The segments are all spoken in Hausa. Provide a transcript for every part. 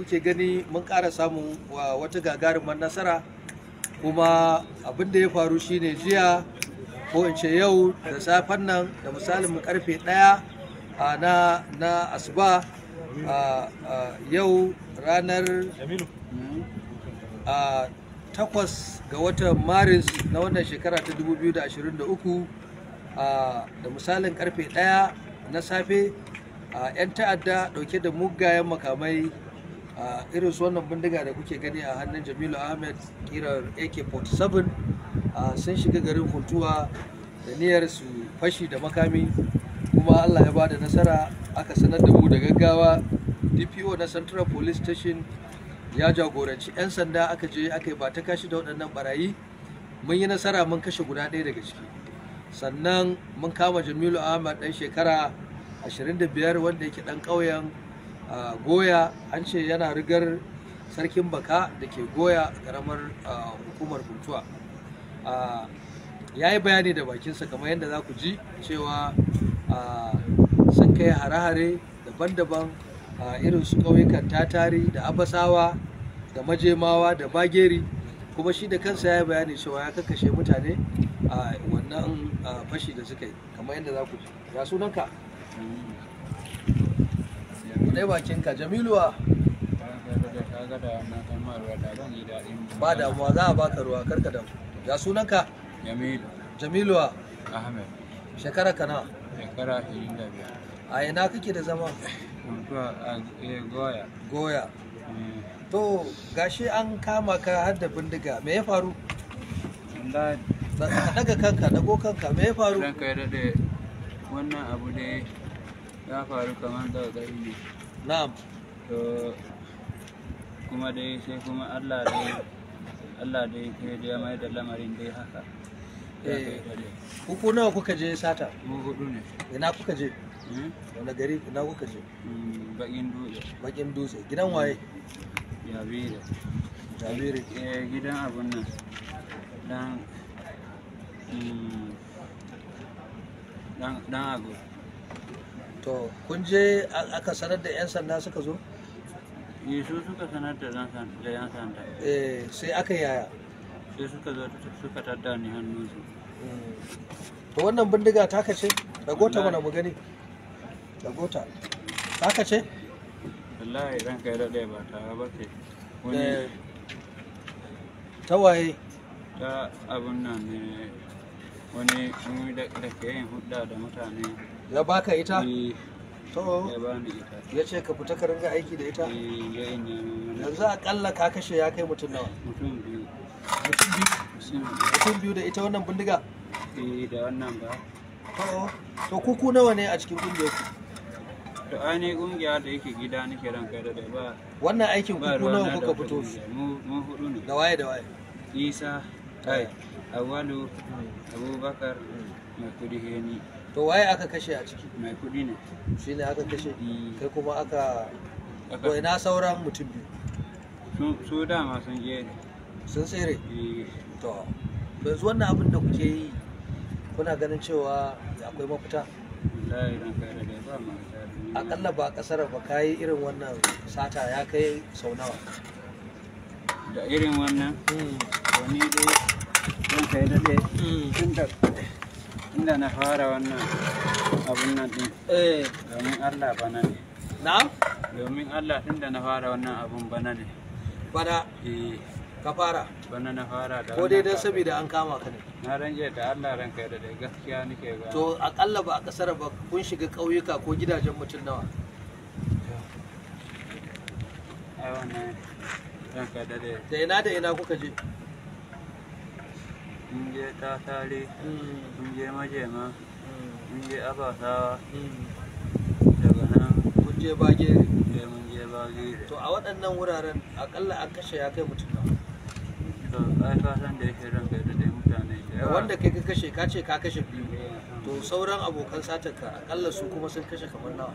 kuke gani mun ƙara samun wata gagarumar nasara kuma abin da ya faru shine jiya ko in ce yau da safen nan da misalin karfe ɗaya na asuba yau ranar takwas ga watan maris na wannan shekara ta 2023 da misalin karfe ɗaya na safe 'yan ta'adda ɗauke da mugayen makamai a irin su wannan bindiga da kuke gani a hannun jamilu ahmed kirar ak-47 sun shiga garin huntuwa da niyyar su fashi da makami kuma allah ya bada nasara aka sanar da mu da gaggawa dpo na central police station ya jagoranci 'yan sanda aka je aka yi ba ta kashi da waɗannan barayi mun yi nasara mun kashe guda ɗaya daga ciki sannan mun kama jamilu Ahmed ɗan shekara 25 wanda yake ɗan ƙauyen goya an ce yana rigar sarkin baka da ke goya karamar hukumar kuntuwa ya yi bayani da bakinsa kamar yadda za ku ji cewa sun kai hare-hare daban-daban irin su ƙauyukan tatari da abasawa da majemawa da bageri kuma shi da kansa ya yi bayani cewa ya kakashe mutane a wannan fashi da suka yi kamar yadda za ku ji ya sunanka Kudai bakinka Jamiluwa. Ba damuwa za a baka ruwa karka damu. Ya sunanka? Jamilu. Jamiluwa. Ahmed. Shekara kana? Shekara 25. A ina kake da zama? Eh, Goya. Goya. Eh. To gashi an kama ka har da bindiga me ya faru? Daga kanka, dago kanka me ya faru? Ranka ya daɗe wannan abu ne ya faru kamar da gari ne na'am to kuma dai sai kuma Allah dai Allah dai ke da mai da lamarin dai haka eh, ku nawa kuka je sata mu hudu ne ina kuka je hmm? wani gari ina kuka je hmm, bakin dutse bakin dutse gidan waye jabiri jabiri eh, gidan abun nan dan hmm, dan abu to kun je aka sanar da 'yan sanda suka zo? Eh, su suka sanar da 'yan sanda eh sai aka yaya sai suka zo suka tadda ni hannun su mm. to wannan bindiga taka ce ragota mana mu gani ragota taka ce wallahi ran kai da ɗaya ba ta ba ce wani eh, ta waye ta abun nan ne wani mun da yin hudda da mutane ya baka ita eh. to ya bani ita ya ce ka fita ka ringa aiki da ita eh, yanzu akalla ka kashe ya kai mutum nawa mutum biyu mutum biyu mutum biyu da ita wannan bindiga eh da wannan ba to to kuku nawa ne a cikin kungiyar ku to ainihin kungiya da yake gida nake ran kai da ba wannan aikin kuku nawa kuka fito mu hudu ne da waye da waye isa kai awalu abubakar mai kudi heni to waye aka kashe a ciki mai kudi ne shi ne aka kashe kai kuma aka ko ina sauran mutum biyu su dama sun je sun tsere to yanzu wannan abin da kuke yi kuna ganin cewa akwai mafita akalla ba kasar ba kayi irin wannan sata ya kai sau nawa da irin wannan wani dai don kai daɗe tun da inda na fara wannan abun nan ɗin eh. domin allah bana ne na domin allah tun na fara wannan abun bana ne bana eh. ka fara bana na fara da ko dai dan saboda an kama ka ne na ranje da Allah ranka da dai gaskiya nake ga to akalla ba a kasar ba kun shiga ƙauyuka ko gidajen mutum nawa ai wannan da ina da ina kuka je mun je tasari hmm. mun je majema hmm. mun je abasawa hmm. daga nan mun je bagere eh, mun je bagere to a waɗannan wuraren akalla a kashe ya kai mutum nawa to ai ka san da yake ranka da dai mutane wanda kai ka kashe ka ce ka kashe biyu to sauran abokan satarka akalla su kuma sun kashe kamar nawa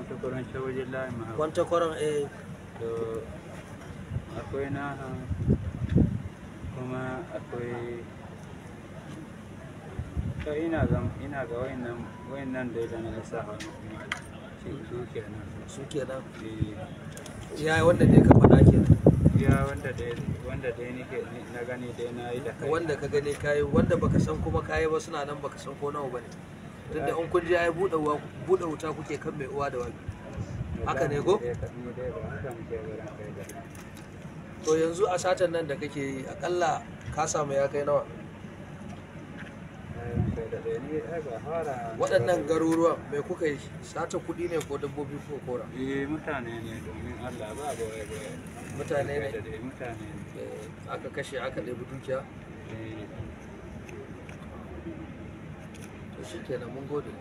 kwantakwaron shawajin layin mahawa kwantakwaron eh to akwai na kuma akwai ina ina ga wayannan wayannan da idan na sa hannu kuma su su ya wanda ka faɗa kenan ya wanda da wanda nake na gani dai na yi da kai wanda ka gani kai wanda baka san kuma kai ba suna nan baka san ko nawa bane tunda in kun je ai buɗe wuta kuke kan mai uwa da wabi haka ne ko to yanzu a satan nan da kake yi akalla ka samu ya kai nawa waɗannan garuruwan mai kuka yi sata kuɗi ne ko dabbobi ko kora eh mutane ne domin Allah ba goye mutane ne eh, mutane eh, aka kashe aka ɗebi dukiya eh. to shikenan mun gode